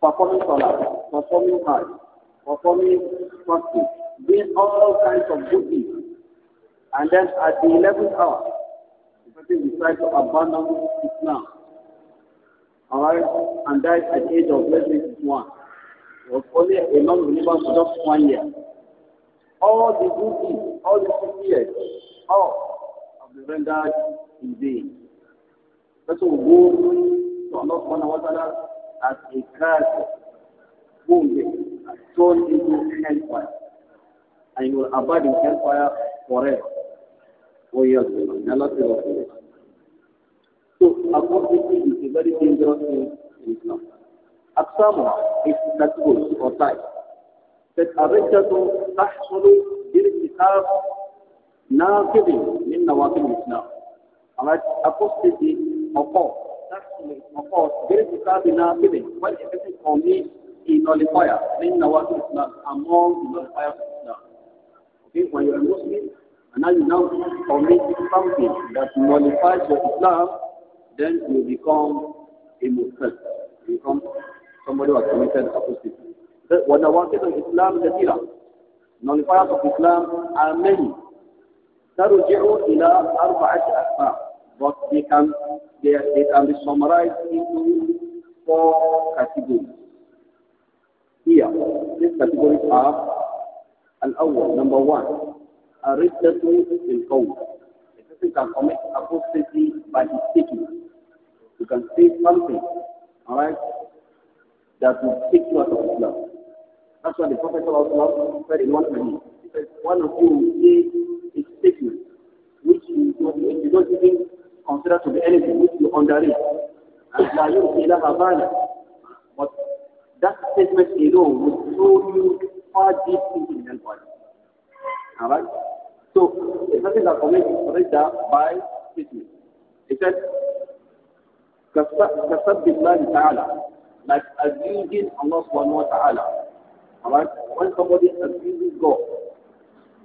performing salah, performing hajj, performing fasting, doing all kinds of good deeds. And then at the 11th hour, the person decides to abandon Islam. Alright? And died at the age of less than one. was only a non-believer for just one year. All the good deeds, all the good years, all of the rendered in vain. That's what we go to Allah subhanahu wa ta'ala as a curse, wounded, they thrown into hellfire, and you will abide in hellfire forever. Oh yes, Allah says So, apostasy is a very dangerous thing in Islam. أقسامها is تكبر or type. فالرجة تحصل بارتكاب ناقض من نواقض الإسلام. Alright, apostasy occurs course, من فقط given. كتاب نافذ والإفكت القومي in nullifier, meaning Nawatul Islam, among the nullifiers of Islam. Okay, when you're Muslim, and now you now commit something that nullifies your Islam, then you become a Muslim. You become somebody who has committed apostasy. When the workers of Islam the Tira, nullifiers of Islam are many. ترجع إلى أربعة أسباب but they can, they, they can be summarized into four categories. Here, these categories are an awwal number one, Ariddatu il-Qawm. A person can commit apostasy by his statement. You can say something, alright, that will take you out of Islam. That's why the Prophet said in one hadith, he said, one of you will say a statement which you, you don't even considered to be anything which you underrate. And la yu'ti laha value. But that statement alone will show you far deep thinking than body. Alright? So, it's something that commits Rida by statement. He said, كسب الله تعالى like abusing Allah subhanahu wa ta'ala. Alright? When somebody abuses God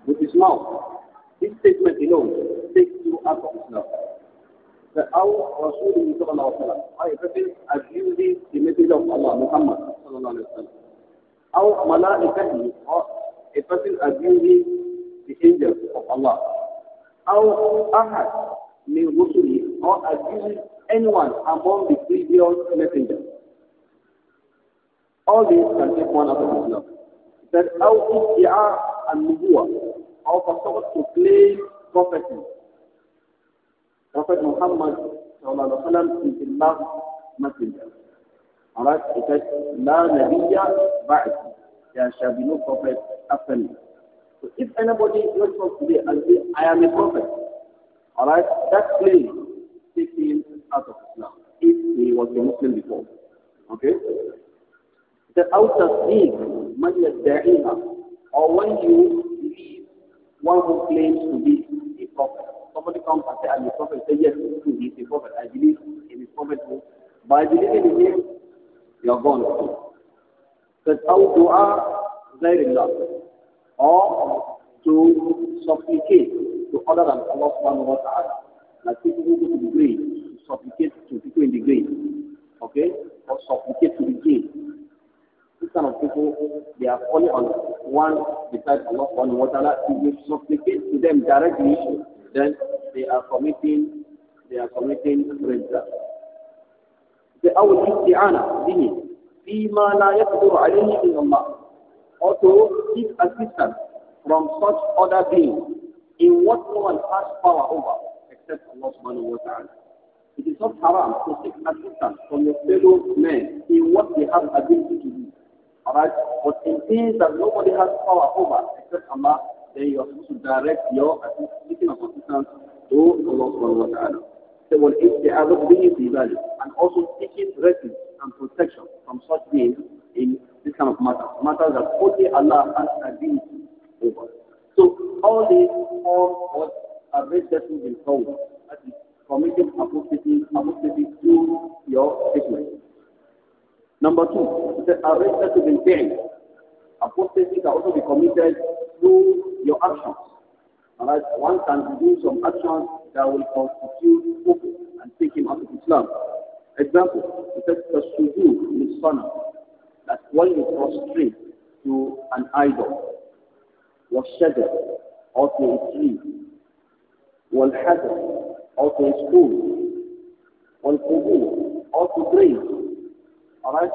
with his mouth, this statement alone takes you out of Islam. أو رسوله صلى الله عليه وسلم أي person abusing the message of Allah Muhammad صلى الله عليه وسلم أو ملائكته or a person abusing the angels of Allah أو أحد من رسله or abusing anyone among the previous messengers all these can take one out of Islam that أو ادعاء النبوة or for someone to claim prophecy Prophet Muhammad وسلم, is the last messenger. Alright, it says, La Nabiya Ba'ati. There shall be no prophet after me. So if anybody wakes up today and says, I am a prophet, alright, that claim takes him out of Islam if he was a Muslim before. Okay? The outer seek man yadda'iha or when you believe one who claims to be somebody comes and says, I'm a prophet, say, yes, he's a prophet. I believe in his prophet. By believing in him, you're gone. Because how to ask Allah or to supplicate to other than Allah subhanahu wa ta'ala. Like people who go to the grave, to supplicate to people in the grave. Okay? Or supplicate to the king. These kind of people, they are only on one beside Allah subhanahu wa ta'ala. If you supplicate to them directly, then they are committing they are committing rinsa. أو الاستعانة به فيما لا يقدر عليه إلا الله or to seek assistance from such other beings in what no one has power over except Allah subhanahu wa ta'ala. It is not haram to seek assistance from your fellow men in what they have ability to do. Alright? But in things that nobody has power over except Allah, then you are supposed to direct your assistance assistance to Allah subhanahu wa ta'ala. They So when isti'adab bihi fi value and also seeking refuge and protection from such beings in this kind of matter, matters that only Allah has ability over. So all these form what are basically in code, that is committing apostasy, apostasy to your statement. Number two, the arrest to be paid. Apostasy can also be committed through your actions. Alright, one can do some actions that will constitute kufr and take him out of Islam. Example, it says the sujood in son, that when you prostrate to an idol, was shadow, or to a tree, wal hazard, or to a stone, wal kubur, or to grave. Alright,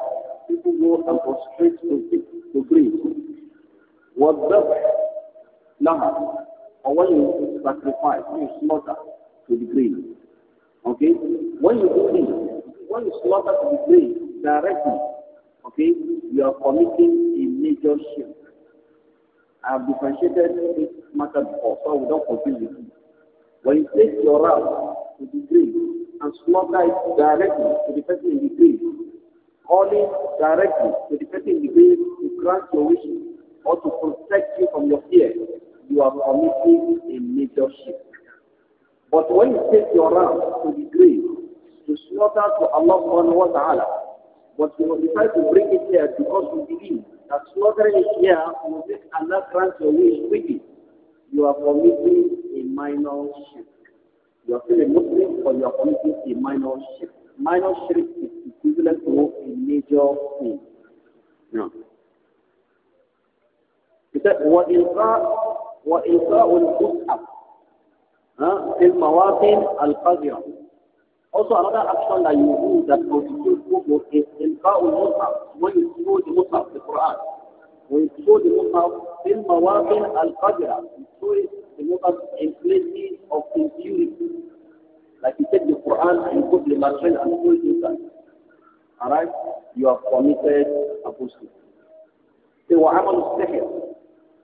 people go and prostrate to, to grave. What the laha, or when you sacrifice, when you slaughter to the grave. Okay? When you do this, when you slaughter to the grave directly, okay, you are committing a major sin. I have differentiated this matter before, so we don't confuse you. When you take your ram to the grave and slaughter it directly to the person in the grave, calling directly to the person in the grave to grant your wishes or to protect you from your fear, you are committing a major shift, But when you take your ram to the grave, to slaughter to Allah subhanahu wa ta'ala, but you will decide to bring it here because you believe that slaughtering it here will make Allah grant your wish with it, you are committing a minor shift. You are still a Muslim, but you are committing a minor shift. Minor shift is equivalent to a major sin. No. He said, وَإِلْقَاء وإلقاء المصحف في المواطن القذرة Also another action that you do that constitutes kufr is ilqa'u al-mushaf when you throw the mushaf, the Quran. When you throw the mushaf, fil mawaqin al-qadira. You throw it, the mushaf in places of impurity. Like you take the Quran and you put the material and throw it inside. Alright? You have committed apostasy. Say, wa'amal al-sihr.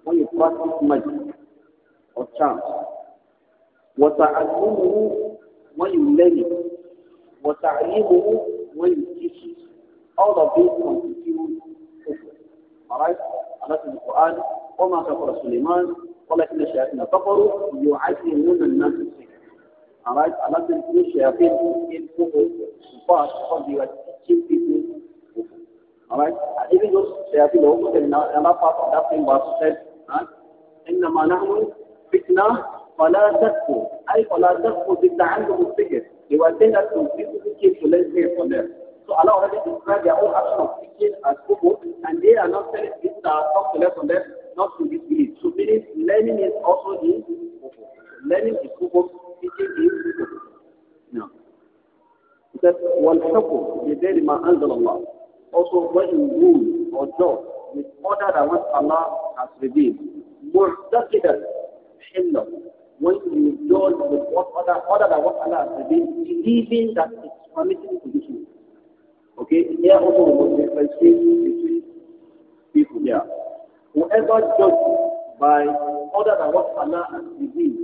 When you practice magic, والشمس وتعلمه ويلد وتعليمه ويكشف all of these constitute kufr alright Allah in the Quran وما كفر سليمان ولكن الشياطين كفروا يعلمون الناس السحر alright Allah in the shayateen in kufr but for they were teaching people kufr alright and even those shayateen also in another part of that thing was said huh? إنما نحن الفتنة فلا تكفو أي فلا تكفو بالتعلم الفكر They were saying that to people who came to learn here from them. So Allah already described their own action of teaching as kufu, and they are not telling people that are uh, taught to learn from them not to disbelieve. So meaning learning is also in kufu. Learning is kufu, teaching is kufu. No. It says, وَالْحُكُمْ بِغَيْرِ مَا أَنزَلَ اللَّهُ Also when you rule or judge with order that what Allah has revealed, مُعْتَقِدًا hilal when you join with what other, other than what Allah has revealed, believing that it's permitted to do Okay, here also we must differentiate between people here. Whoever judges by other than what Allah has revealed,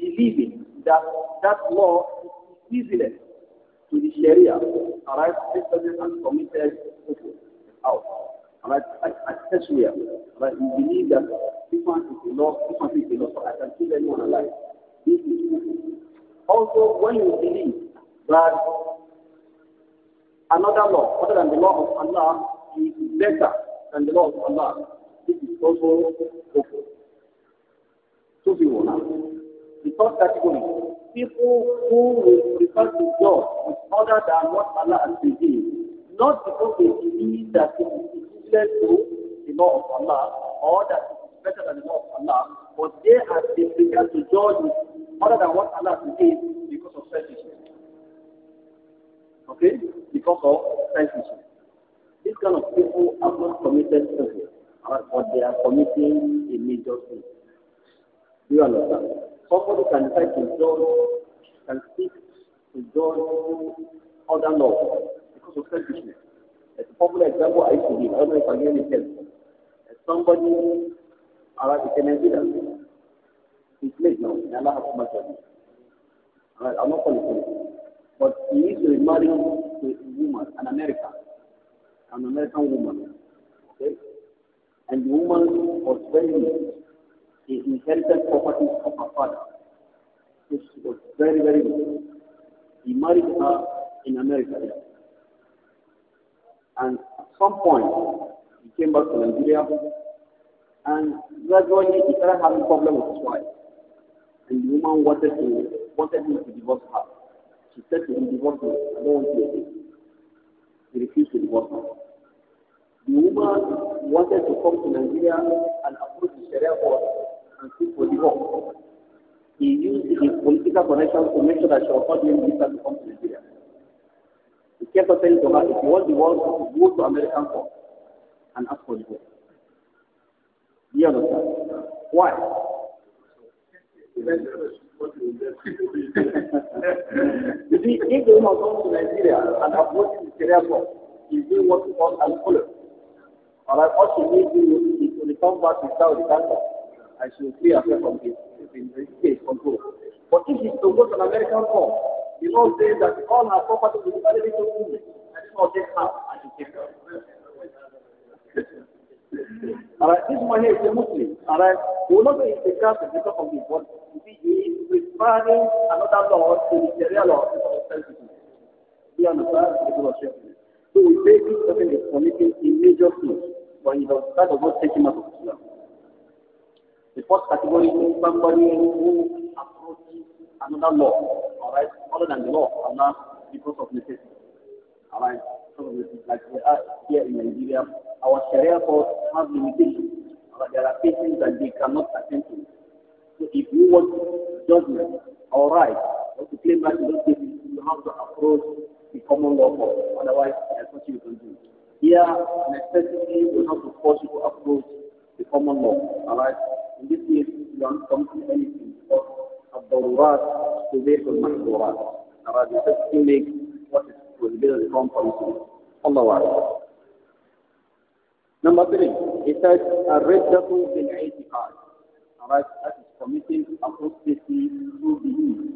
believing that that law is equivalent to the Sharia, arrives this person has committed out. I we Especially, right? we believe that this one is enough, this one is enough, I can kill anyone alive. Also, when you believe that another law, other than the law of Allah, is better than the law of Allah, this is also okay. Two people now. The third category, people who will prefer to God with other than what Allah has revealed, not because they believe that it is related to the law of Allah or that it is better than the law of Allah, but they have been prepared to judge other than what Allah forgives because of selfishness. Okay? Because of selfishness. These kind of people have not committed sin, but they are committing a major sin. you understand? Somebody can try to judge, can seek to judge other laws because of selfishness. It's a popular example I used give. I don't know if I gave it helpful. Somebody, Alright, is a Nigerian. He's late now, and Allah has much of him. Alright, I'm not calling But he is remarried to a woman, an American, an American woman. Okay? And the woman was very rich. She inherited property from her father. So she was very, very rich. He married her in America. And at some point, he came back to Nigeria, and gradually he started having problems with his wife. And the woman wanted to wanted him to divorce her. She said to him, divorce me, I don't want He refused to divorce her. The woman wanted to come to Nigeria and approach the Sharia court and seek for divorce. He used his political connections to make sure that she was not being to come to Nigeria. He kept on telling Thomas, if you want the world, go to American court and ask for divorce. Do you understand? Why? you see, if the woman comes to Nigeria and approaches the Sharia for, she's doing what we call an follow. All right, all she needs to do is to return back to Saudi Canada and she will free from this, in this case, control. But if she goes to an American court, he Lord say that all our property will be given to women, and the Lord takes half and he takes all right, this one here is a Muslim. All right, whoever is the captain because of the word, he is referring another law to the real law of self-defense. You understand? The law of So we say this person is committing a major sin, but he does that does not take him out of Islam. The first category is somebody who approaches another law, alright, other than the law of Allah because of necessity. Alright, because of necessity. Like we are here in Nigeria, our Sharia courts have limitations. Right? There are things that they cannot attend to. So if you want judgment alright, right, or to claim right in those cases, you have to approach the common law court. Otherwise, there's nothing you can do. Here, necessity, you have to force you to approach the common law. Alright, in this case, you don't come to anything. Because الضرورات تبيح المحظورات أراد just to make الله أعلم Number three, he said, الردة بالاعتقاد. Alright, that is committing apostasy to believe.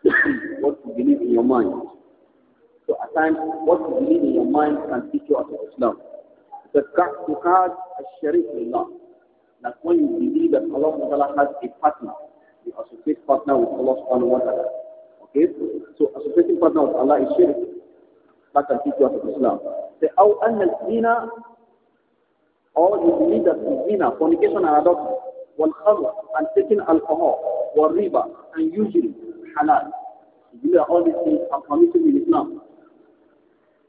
what you believe in your mind. So at times, what you believe in your mind can teach you about Islam. The Kaktukad al-Sharif Allah. That when you believe that Allah has a partner, you associate partner with Allah subhanahu wa ta'ala. Okay? So associating partner with Allah is shirk. That can teach you out of Islam. Say, أو أن الزنا or you believe that zina, fornication and adultery, wal and taking alcohol, wal riba and usury, halal. You believe that all these things are permitted in Islam.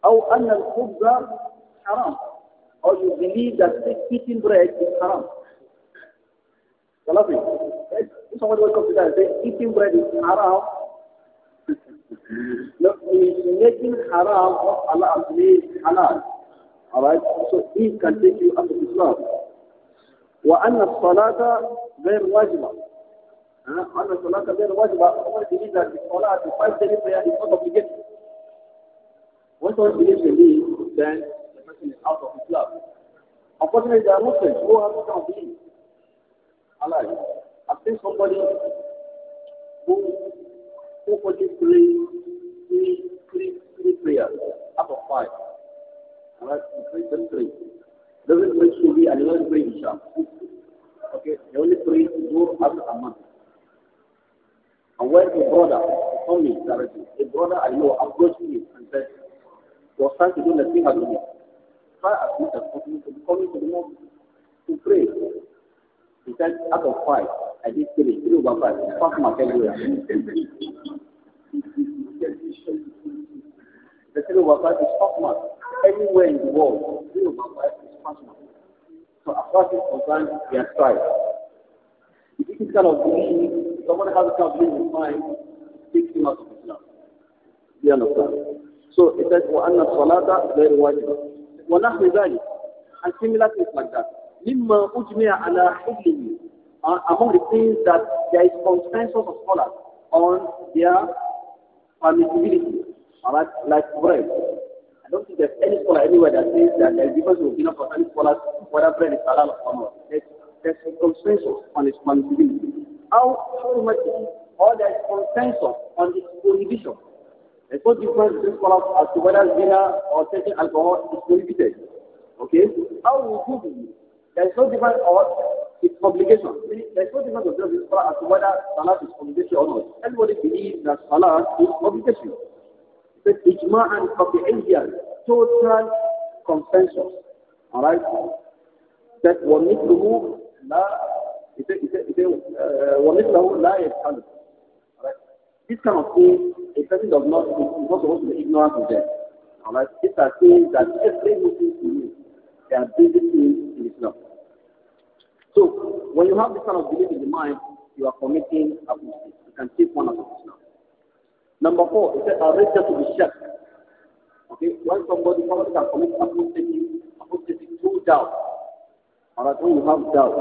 أو أن الخبز haram. Or you believe that eating bread is haram. Salafi. Someone will come to that and say, eating bread is haram. no, he's making haram of Allah as halal. Alright? So he can take you out of Islam. وأن الصلاة غير واجبة. أن الصلاة غير واجبة. Someone believes that the salah, the five daily prayer is not obligatory. When someone believes in this, then the person is out of Islam. Unfortunately, there are Muslims who have not kind of belief. Allah. I've seen somebody who who only three three three three prayers out of five. Alright, three just three. Doesn't pray Subi and doesn't pray Isha. Okay, he only pray Zuhr after a month. And when a brother, told me directly, a brother I know approached me and said, was trying to do the thing as me. Try as much as possible to be coming to the mosque to pray. He said, out of five, I did three, three over five. Fuck my calculator. the three over five is fuck mark. Anywhere in the world, three over five is fuck mark. So as far as it's concerned, we have tried. If you can kind of believe, someone has a kind of belief in mind, him out of You understand? So it says, وَأَنَّ الصَّلَاةَ غَيْرُ وَاجِبَةٍ ذَلِكَ And similar things like that. Mimma ujmiya ala hukmihi. Uh, among the things that there is consensus of scholars on their permissibility, alright, like bread. I don't think there's any scholar anywhere that says that there is difference of opinion for scholars whether bread is halal or not. There's, there's consensus on its permissibility. How much all there is consensus on its prohibition. There's no difference between scholars as to whether zina or taking alcohol is prohibited. Okay? How will you do there is no difference or its obligation. There is no difference of in Salah as to whether Salah is obligatory or not. Everybody believes that Salah is obligatory. But ijma and Indian, total consensus. Alright? That وَمِثْلُهُ لَا it is, it is, it is, uh, وَمِثْلَهُ لَا يَفْعَلُ Alright? This kind of thing, a person does not, is not supposed to be ignorant of them. Alright? It's a thing that every Muslim believes. They are basic in Islam. So, when you have this kind of belief in the mind, you are committing apostasy. You can take one out of Islam. Number four, it says, arrested to be shirk. Okay, when somebody comes and commits apostasy, apostasy through doubt. or Alright, when you have doubt,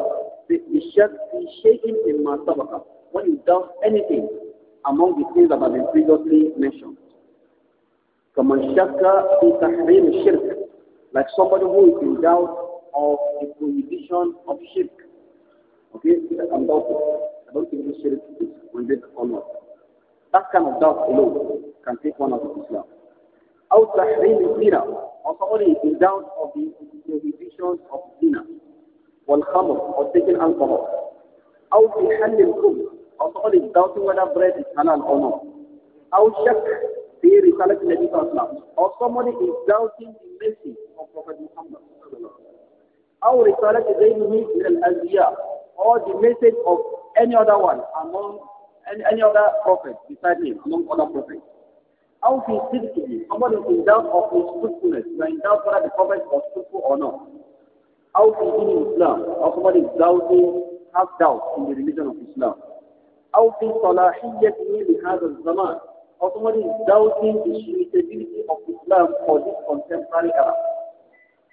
the, the shirk is shaking in my masabaka. When you doubt anything among the things that have been previously mentioned. كمن شك في تحريم الشرك like somebody who is in doubt of the prohibition of shirk. Okay, I'm doubtful. I don't think this shirk is prohibited or not. That kind of doubt alone can take one out of Islam. Out tahrim zina, or somebody is in doubt of the prohibition of zina, or khamr, or taking alcohol. Out the halil kum, or somebody is doubting whether bread is halal or not. Out shak, fi risalat nabi Islam, or somebody is doubting the message our Prophet is Our risalat ilayhi ila al-anbiya or the message of any other one among any, any other prophet beside him, among other prophets. How he seems to somebody who is in doubt of his truthfulness, you are in doubt whether the prophet was truthful or not. How he in Islam, or somebody is doubting, has doubt in the religion of Islam. How he in لهذا الزمان, or somebody is doubting the suitability of Islam for this contemporary era.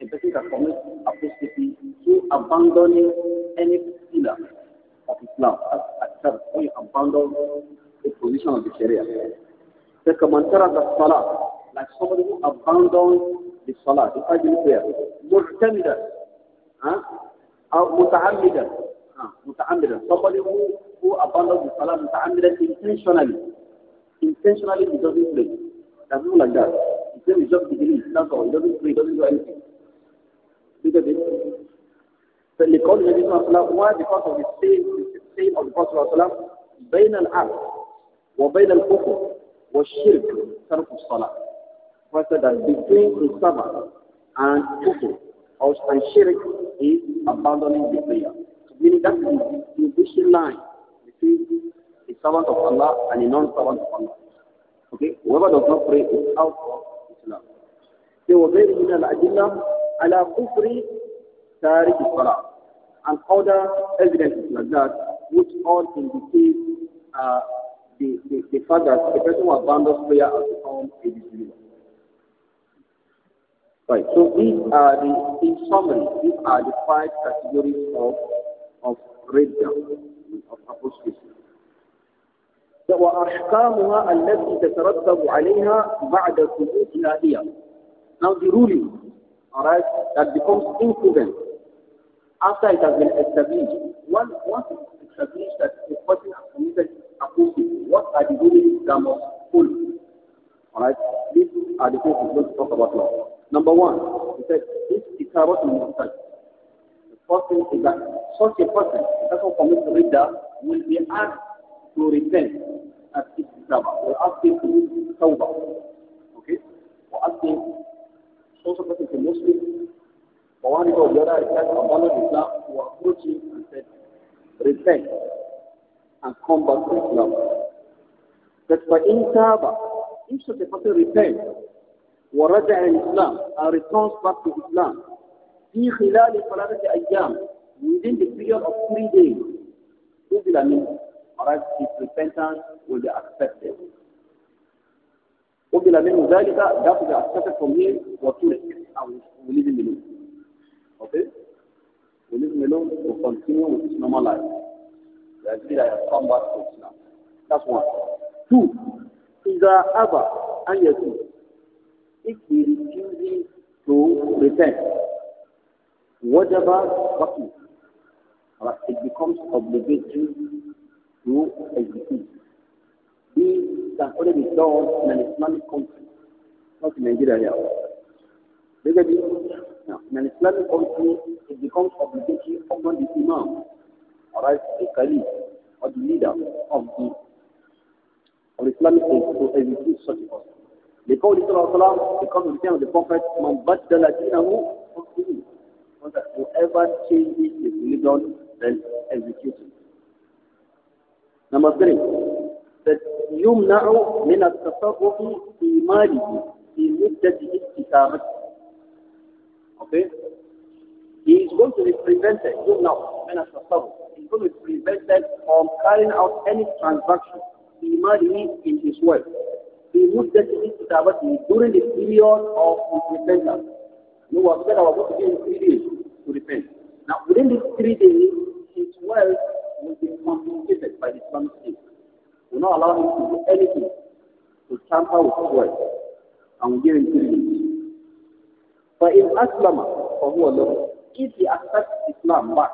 a person that commits apostasy through abandoning any pillar of Islam. As when you abandon the position of the Sharia. The commentator of the Salah, like somebody who abandoned the Salah, the Fajr prayer, Murtamida, huh? Mutahamida, huh? Mutahamida, somebody who, who abandoned the Salah Mutahamida intentionally. Intentionally, he doesn't pray. That's not like that. He just believes, that's all. He doesn't pray, he doesn't do anything. Because so the النبي why because of the same the same of the Prophet صلى الله عليه وسلم بين العبد وبين الكفر والشرك ترك الصلاة. Prophet said that between the servant and kufr or and shirk is abandoning the prayer. So meaning that is the division line between the servant of Allah and the non-servant of Allah. Okay, whoever does not pray is out of Islam. They were very in al على كفر تارك الصلاة and other evidences like that which all indicate uh, the, the, the fact that the person who abandons prayer has become a disbeliever. Right, so these are the, in summary, these are the five categories of, of breakdown, of apostasy. وأحكامها التي تترتب عليها بعد ثبوتها هي. Now the ruling alright, that becomes imprudent after it has been established. Once, once it's established that a person has committed apostasy, what are the rules that must follow? Alright, these are the things we're going to talk about now. Number one, he said, this is a mustard. The first thing is that such a person, the person commits Ridda, will be asked to repent at Iqtaba. We'll ask him to do Okay? we ask him also, some person is a Muslim, but one or the other is trying to abandon Islam, who approached him and said, repent and come back to Islam. That for in Taba, if such a person repents, ورجع Islam and returns back to Islam, في خلال ثلاثة أيام within the period of three days, who will Alright, his repentance will be accepted. قبل منه ذلك that is accepted from him وطولة and we leave him Okay? We leave him to continue with his normal life. come back to That's one. Two, إذا أبى أن يتوب if he refuses to repent, whatever happens, it becomes obligatory to execute these can only be done in an Islamic country, not in Nigeria here. Look Now, in an Islamic country, it becomes obligatory upon the Imam, or as the Caliph, or the leader of the of Islamic state to execute such a person. They call it Rasulullah, they call to the time of the Prophet, Man Baddala Dinahu, whoever changes his religion, then execute him. Number three. من التصرف في ماله في مدة Okay? He is going to be prevented, يمنع من التصرف. He is going to be prevented from carrying out any transaction في ماله in his wealth. في مدة استقامته during the period of his repentance. said I was going to give him three days to repent. Now, within these three days, his wealth will be confiscated by the Islamic state will not allow him to do anything to tamper with his word and give him two But if Aslama, for who alone, if he accepts Islam back,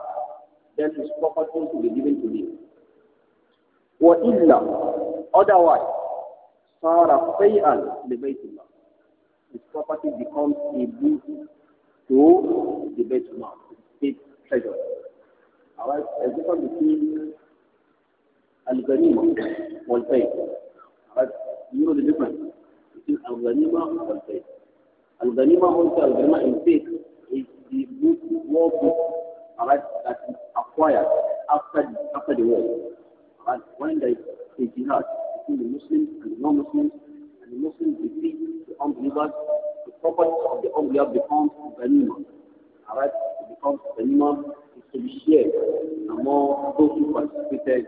then his property will be given to him. not, Otherwise, صَارَ فَيْئًا the اللَّهِ His property becomes a boot to the Beit his treasure. Alright, you can see. Al-Ghanima wal-Fayl. But you know the difference between Al-Ghanima wal-Fayl. Al-Ghanima also, Al-Ghanima in faith is the good war book right, that is acquired after the, after the war. Right? When there is a jihad between the Muslims and the non-Muslims, and the Muslims defeat the unbelievers, the property of the unbeliever becomes Ghanima. Alright, it becomes Ghanima, is to be shared among those who participated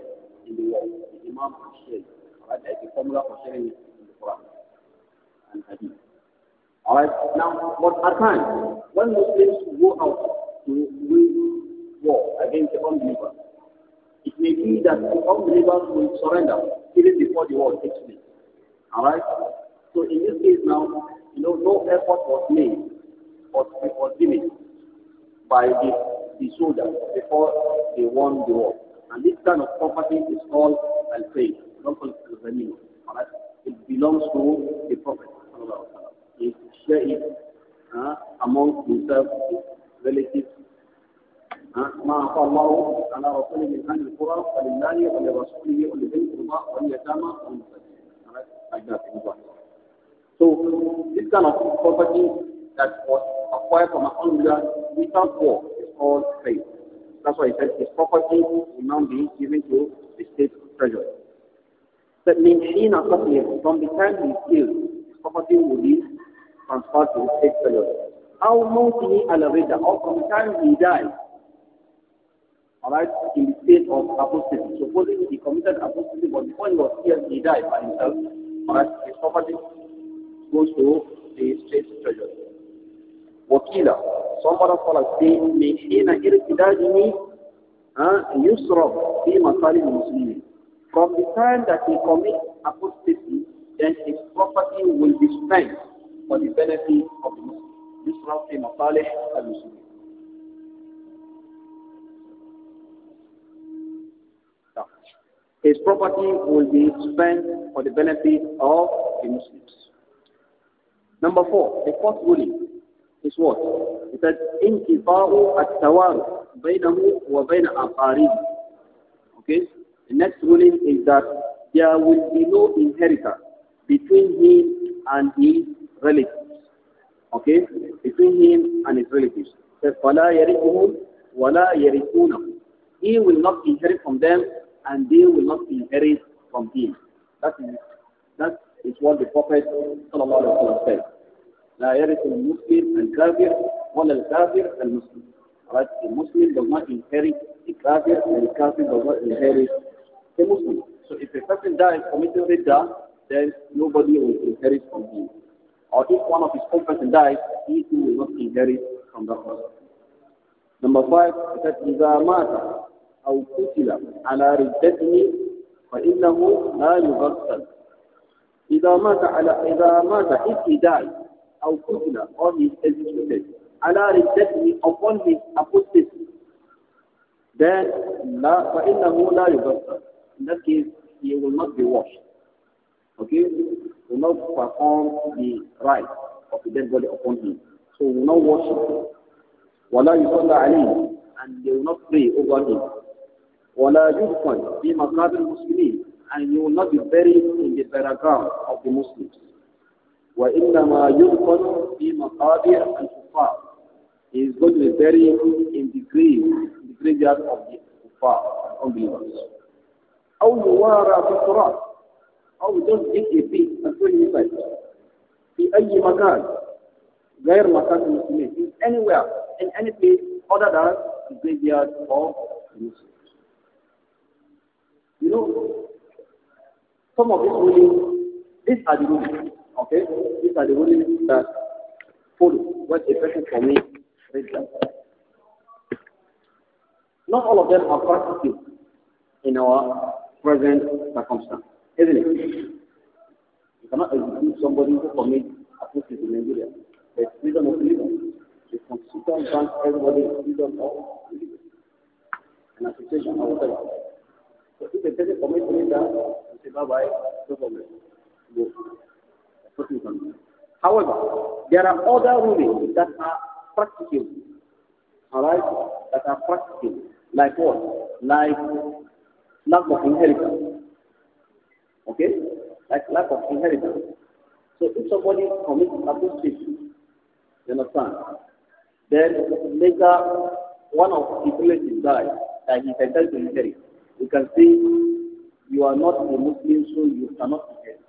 in the world, the Imam of shaykh right? Like formula for sharing it in the Quran and Hadith. Alright, now, but at times, when Muslims go out to win war against the unbelievers, it may be that the unbelievers will surrender even before the war takes place. Alright? So in this case now, you know, no effort was made or was given by the, the soldiers before they won the war. And this kind of property is called al-fayd. Don't call it al-ghanima. It belongs to the Prophet. He share it uh, among himself, his relatives. ما أعطى الله على رسوله من أهل القرى فلله ولرسوله ولذي القربى واليتامى والمساكين. So this kind of property that was acquired from an unbeliever without war is called faith. That's why he said his property will now be given to the state treasury. That means in a from the time he killed, his property will be transferred to the state treasury. How Mawtihi al or from the time he died, alright, in the state of apostasy. Supposing he committed apostasy, but before he was killed, he died by himself, alright, his property goes to the state treasury. وكيلا some other من حين ارتداده يصرف في مصالح المسلمين from the time that he commits apostasy then his property will be spent for the benefit of the Muslims في مصالح المسلمين his property will be spent for the benefit of the Muslims. Number four, the fourth ruling is what? He said, انتفاء التوارث بينه وبين أقاربه. Okay? The next ruling is that there will be no inheritance between him and his relatives. Okay? Between him and his relatives. It فَلَا وَلَا يَرِثُونَهُ He will not inherit from them and they will not inherit from him. That is, that is what the Prophet ﷺ said. لا يرث المسلم الكافر ولا الكافر المسلم خلاص المسلم Muslim does not inherit the kafir and the kafir does not inherit the Muslim so if a person dies committing death, then nobody will inherit from him or if one of his own person dies he too will not inherit from that person number five that is إذا مات أو قتل على ردته فإنه لا يغسل إذا مات على إذا مات if he dies أو قتل or he is executed على رجته upon his apostasy then لا فإنه لا يغسل in that case he will not be washed okay will not perform the rite of the dead body upon him so will not wash him ولا يصلى عليه and they will not pray over him ولا يدفن في مقابر المسلمين and he will not be buried in the paragraph of the Muslims وإنما يدفن في مقابر الكفار. He is going to be buried in the grave, the graveyard of the kuffar, unbelievers. أو يوارى في التراب أو just dig a pit and put it inside. في أي مكان غير مكان المسلمين anywhere in any place other than the graveyard of the Muslims. You know, some of these rulings, these are the rulings. Okay? These are the rulings that follow when a person commits ridda. Not all of them are practical in our present circumstance, isn't it? You cannot execute somebody who commits atrocities in Nigeria. The freedom of religion. The Constitution grants everybody freedom of religion and association whatever. So if a person commits ridda, you say bye bye, no problem. Go. However, there are other rulings that are practical, Alright? That are practical, Like what? Like lack of inheritance. Okay? Like lack of inheritance. So if somebody commits apostasy, you understand? Then later, one of his relatives dies and he's entitled to inherit. You can see you are not a Muslim, so you cannot inherit.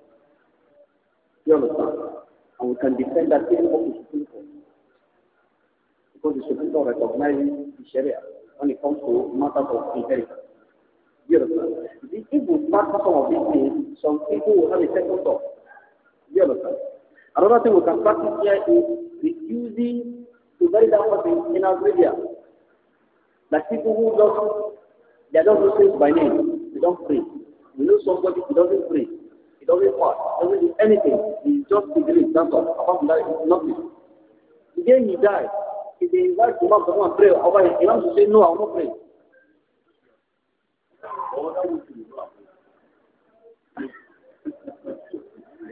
You understand? And we can defend that people up to Supreme Court. Because the Supreme Court recognizes the Sharia when it comes to matters of inheritance. You understand? If we start some of these things, some people will have a second thought. You understand? Another thing we can practice here is refusing to bury that person in Algeria. Like people who don't, they are just Muslims by name, they don't pray. We know somebody who doesn't pray. doesn't fast, doesn't do anything. He just simply stands up. Apart from that, it's nothing. The day he died, if they invite to come and pray over him, Imam to say, No, I will not pray.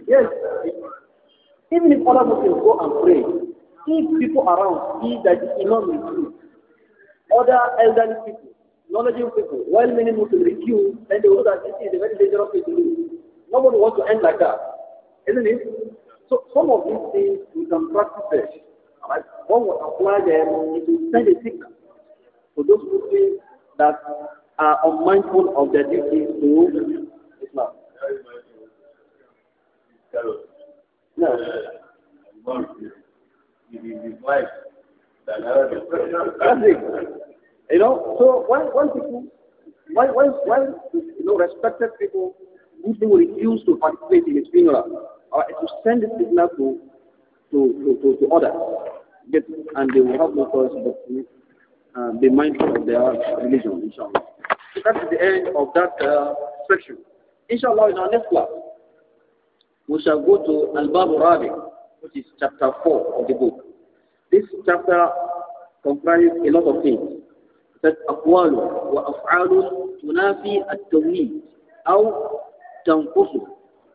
yes. Even if other Muslims go and pray, if people around see that the Imam is true, other elderly people, knowledgeable people, well meaning Muslims refuse, and they will know that this is a very dangerous thing to do. Nobody wants to end like that, isn't it? So some of these things we can practice it. Right? One would apply them, to send a signal to those people that are unmindful of their duty to Islam. No. That's it. You know, so why, why people, Why, why, why? you know, respected people if they refuse to participate in his funeral, or to send the signal to, to, to, to, others, and they will have no choice but to uh, be mindful of their religion, inshallah. So that is the end of that uh, section. Inshallah, in our next class, we shall go to Al-Babu Rabi, which is chapter 4 of the book. This chapter comprises a lot of things. That أقوال وأفعال تنافي التوحيد أو تنقص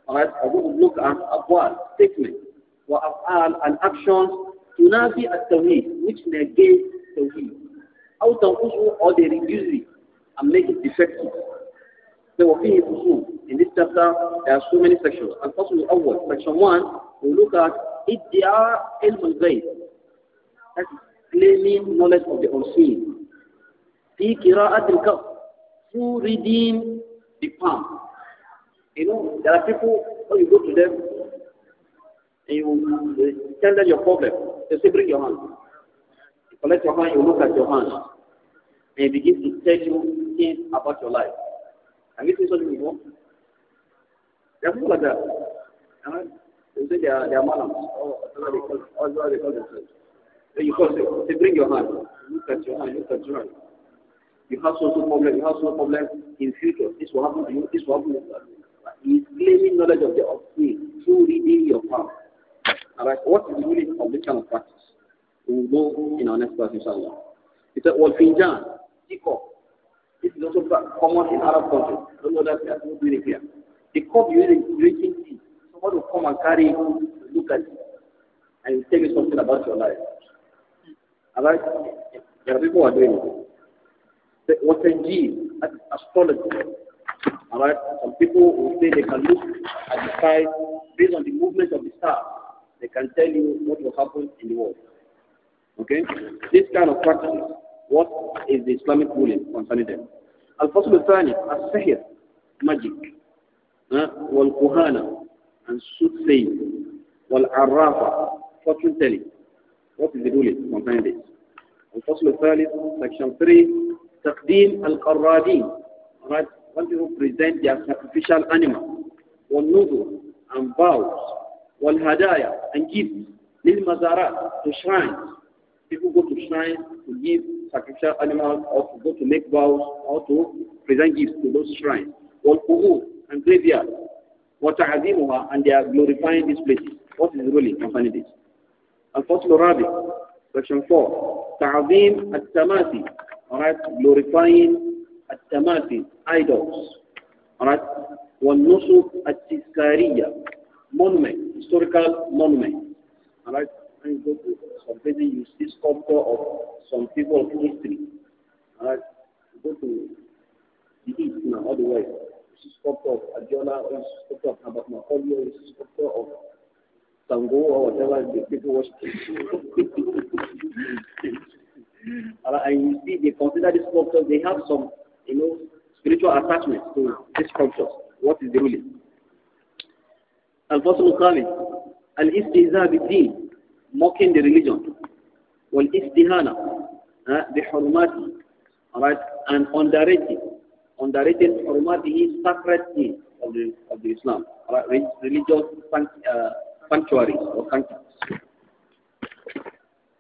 Alright, I will look at أقوال statements وأفعال and actions تنافي التوحيد which negate توحيد أو تنقصه or they reduce it and make it defective. There So وفيه فصول in this chapter there are so many sections. and first الفصل الأول section 1 we look at ادعاء علم الغيب that is claiming knowledge of the unseen في قراءة الكف through redeem the palm you know, there are people, when you go to them, and you tell them your problem, they say, bring your hand. You collect your hand, you look at your hand, and it begins to tell you things about your life. Have you seen such people? There are people like that. Uh-huh. They say they are, they are malams, or oh, whatever they call, or they call themselves. Then you call, them. say, bring your hand, look at your hand, look at your hand. You have social problem, you have social problem in future. This will happen to you, this will happen to you is gaining knowledge of the obscene through reading your palm. Alright, what is the meaning of this kind of practice? We will go in our next class, inshallah. It's a Walfinjan, Tikor. This is also common in Arab countries. I don't know that we are doing it here. The cup you are drinking tea, someone will come and carry it, look at it, and tell you something about your life. Alright? There are people who are doing it. The Watanji, astrology. Alright? Some people will say they can look at the sky based on the movement of the stars. They can tell you what will happen in the world. Okay? This kind of practice. what is the Islamic ruling concerning them? thani as-Sahir magic Wal-Kuhana and soothsaying araba fortune telling what is the ruling concerning this الفصل thani section 3 تقديم القرادين right when people present their sacrificial animal, والنذر and vows, hadaya, and gifts, mazara, to shrines. People go to shrines to give sacrificial animals or to go to make vows or to present gifts to those shrines. والقبور and graveyards. وتعظيمها and they are glorifying these places. What is really concerning this? الفصل الرابع section 4 al-tamati, alright glorifying التماثيل idols alright والنصب التذكارية monument historical monument alright and go to some places you see sculpture of some people of history alright go to the east now all the way This see sculpture of Adiola you see sculpture of Nabatakolio you see sculpture of Sango or whatever the people worship and you see they consider this sculpture they have some you know, spiritual attachment to this conscious. What is the ruling? الفصل الخامس الاستهزاء بالدين mocking the religion والاستهانة uh, بحرماته alright and underrating underrating حرماته sacred things of the of the Islam alright religious uh, sanctuaries or sanctuaries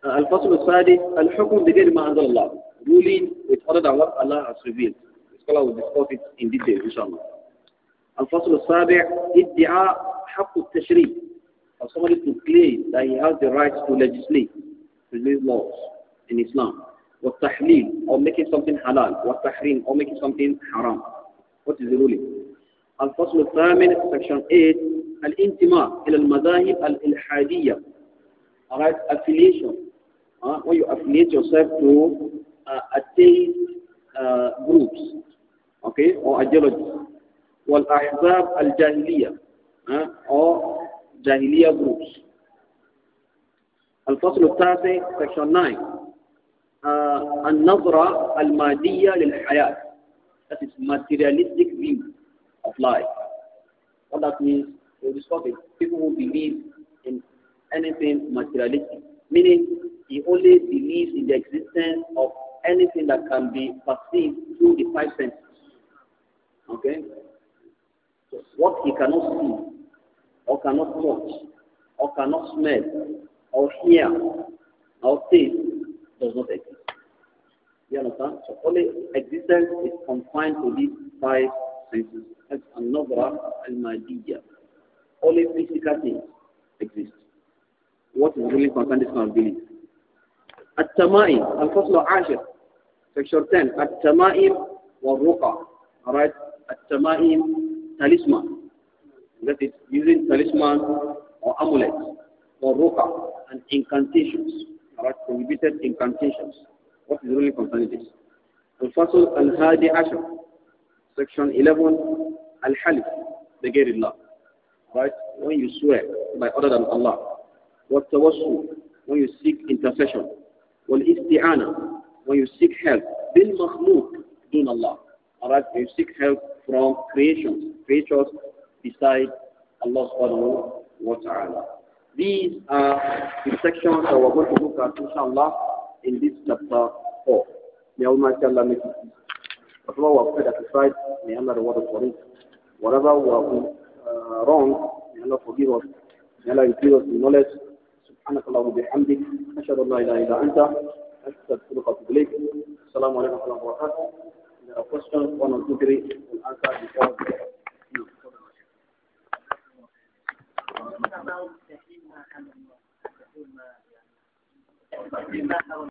الفصل السادس الحكم بغير ما أنزل الله ruling with other than what Allah has revealed. The scholar will discuss it in detail, inshallah. الفصل السابع ادعاء حق التشريع for somebody to claim that he has the right to legislate, release laws in Islam. والتحليل or making something halal والتحريم or making something haram. What is the ruling? الفصل الثامن section 8 الانتماء إلى المذاهب الإلحادية. Alright, affiliation. Uh, when you affiliate yourself to uh, atheist uh, groups, okay, or ideologies. والأحزاب al jahiliya, or jahiliya groups. الفصل التاسع section 9 al النظرة المادية hayat. that is materialistic view of life. What that means, we discuss it. People who believe in anything materialistic, meaning he only believes in the existence of anything that can be perceived through the five senses. Okay? So what he cannot see, or cannot touch, or cannot smell, or hear, or taste does not exist. You understand? So only existence is confined to these five senses. That's another and my Only physical things exist. What is really concerned is not belief. التمائم الفصل العاشر Section 10, At-Tama'im wa Ruqa. Alright, At-Tama'im, talisman. That is using talisman or amulet or Ruqa and incantations. Alright, prohibited incantations. What is really concerning this? Al-Fasl Al-Hadi Ashar. Section 11, Al-Halif, the Gairillah. Right, when you swear by other than Allah. What tawassul, when you seek intercession. Wal-Isti'ana, when you seek help, bil makhluq, dun Allah. Alright, you seek help from creations, creatures beside Allah subhanahu wa ta'ala. These are the sections that we're going to look at, inshallah, in this chapter 4. May Almighty Allah make it easy. Whatever we have said at the side, may Allah reward us for it. Whatever we have uh, wrong, may Allah forgive us. May Allah increase us in knowledge. سبحانك اللهم وبحمدك أشهد أن لا إله إلا أنت الصدقة إليك السلام عليكم ورحمة الله وبركاته There are questions, one or two, three, will answer before no. What about the